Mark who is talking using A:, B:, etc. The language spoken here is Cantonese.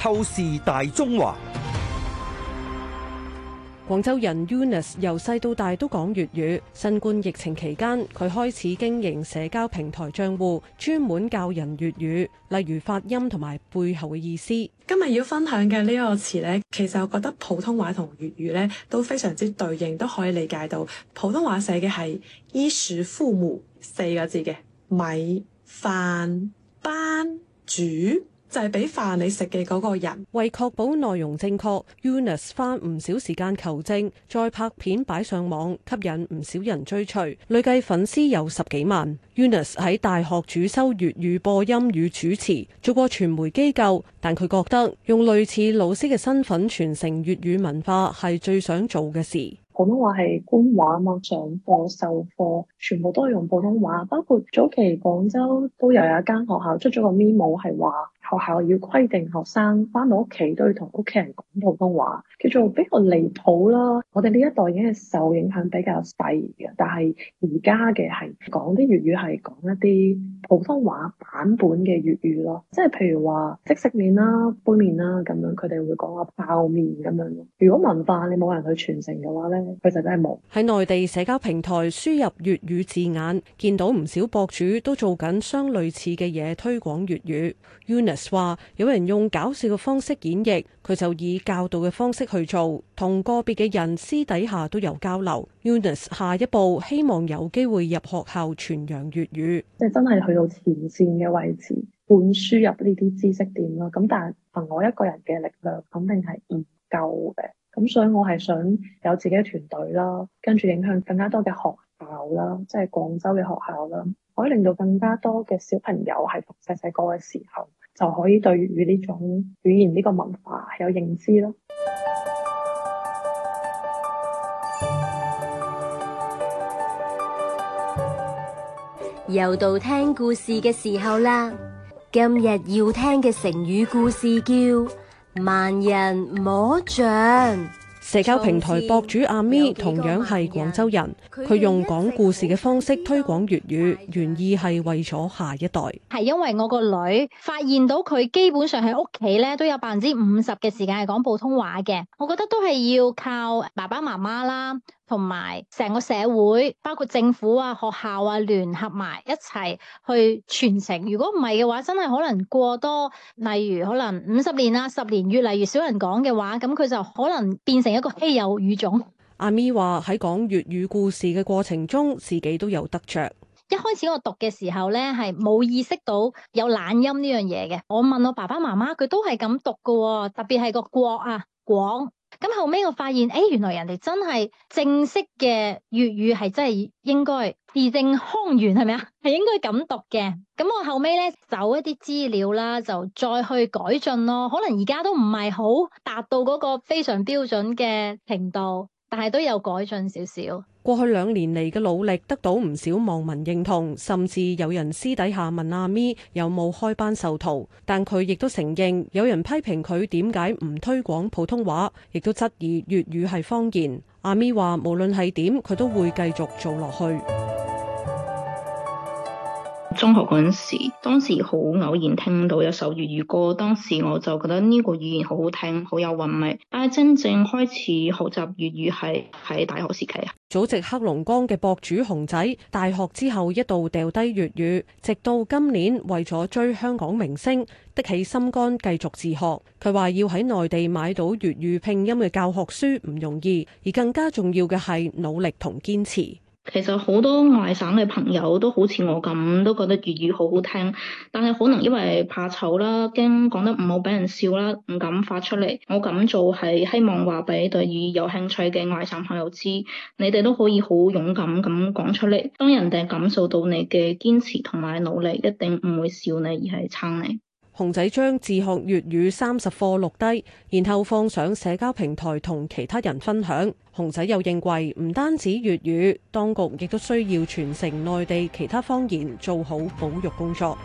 A: 透視大中華，
B: 廣州人 Unis 由細到大都講粵語。新冠疫情期間，佢開始經營社交平台賬戶，專門教人粵語，例如發音同埋背後嘅意思。今日要分享嘅呢個詞呢，其實我覺得普通話同粵語呢都非常之對應，都可以理解到。普通話寫嘅係衣食父母四個字嘅米飯班主。就係俾飯你食嘅嗰個人。為確保內容正確 u n u s 花唔少時間求證，再拍片擺上網，吸引唔少人追隨，累計粉絲有十幾萬。u n u s 喺大學主修粵語播音與主持，做過傳媒機構，但佢覺得用類似老師嘅身份傳承粵語文化係最想做嘅事。
A: 普通話係官話啊，上課授課全部都係用普通話，包括早期廣州都有有一間學校出咗個咪 e m 係話學校要規定學生返到屋企都要同屋企人講普通話，叫做比較離譜啦。我哋呢一代已經係受影響比較細嘅，但係而家嘅係講啲粵語，係講一啲普通話版本嘅粵語咯，即係譬如話即食麵啦、杯麵啦咁樣，佢哋會講下泡麵咁樣咯。如果文化你冇人去傳承嘅話咧，佢實真係冇。
B: 喺內地社交平台輸入粵語字眼，見到唔少博主都做緊相類似嘅嘢推廣粵語。話有人用搞笑嘅方式演繹，佢就以教導嘅方式去做，同個別嘅人私底下都有交流。Eunice 下一步希望有機會入學校傳揚粵語，
A: 即係真係去到前線嘅位置，灌輸入呢啲知識點咯。咁但係憑我一個人嘅力量，肯定係唔夠嘅。咁所以，我係想有自己嘅團隊啦，跟住影響更加多嘅學校啦，即係廣州嘅學校啦，可以令到更加多嘅小朋友喺細細個嘅時候。就可以對粵語呢種語言呢個文化係有認知啦。又到聽
C: 故事嘅時候啦，今日要聽嘅成語故事叫盲人摸象。社交平台博
B: 主阿咪同樣係廣州人，佢用講故事嘅方式推廣粵語，原意係為咗下一代。
C: 係因為我個女發現到，佢基本上喺屋企咧都有百分之五十嘅時間係講普通話嘅，我覺得都係要靠爸爸媽媽啦。同埋成個社會，包括政府啊、學校啊，聯合埋一齊去傳承。如果唔係嘅話，真係可能過多，例如可能五十年啊、十年，越嚟越少人講嘅話，咁佢就可能變成一個稀有語種。
B: 阿咪話喺講粵語故事嘅過程中，自己都有得着。
C: 一開始我讀嘅時候呢，係冇意識到有懶音呢樣嘢嘅。我問我爸爸媽媽，佢都係咁讀㗎喎，特別係個國啊、廣。咁後尾我發現，誒、欸，原來人哋真係正式嘅粵語係真係應該字正腔圓，係咪啊？係應該咁讀嘅。咁我後尾咧，找一啲資料啦，就再去改進咯。可能而家都唔係好達到嗰個非常標準嘅程度，但係都有改進少少。
B: 過去兩年嚟嘅努力得到唔少網民認同，甚至有人私底下問阿咪有冇開班授徒，但佢亦都承認有人批評佢點解唔推廣普通話，亦都質疑粵語係方言。阿咪話，無論係點，佢都會繼續做落去。
C: 中學嗰陣時，當時好偶然聽到一首粵語歌，當時我就覺得呢個語
B: 言好好聽，好有韻味。但係真正開始學習粵語係喺大學時期啊。祖籍黑龍江嘅博主熊仔，大學之後一度掉低粵語，直到今年為咗追香港明星，的起心肝繼續自學。佢話要喺內地買到粵語拼音嘅教學書唔容易，而更加重要嘅係努力同堅持。其實好多外省嘅朋友都好似我咁，都覺得粵
C: 語好好聽，但係可能因為怕醜啦，驚講得唔好俾人笑啦，唔敢發出嚟。我咁做係希望話俾對粵語有興趣嘅外省朋友知，你哋都可以好勇敢咁講出嚟，當人哋感受到你嘅堅持同埋努
B: 力，一定唔會笑你，而係撐你。熊仔將自學粵語三十課錄低，然後放上社交平台同其他人分享。熊仔又認為，唔單止粵語，當局亦都需要傳承內地其他方言，做好保育工作。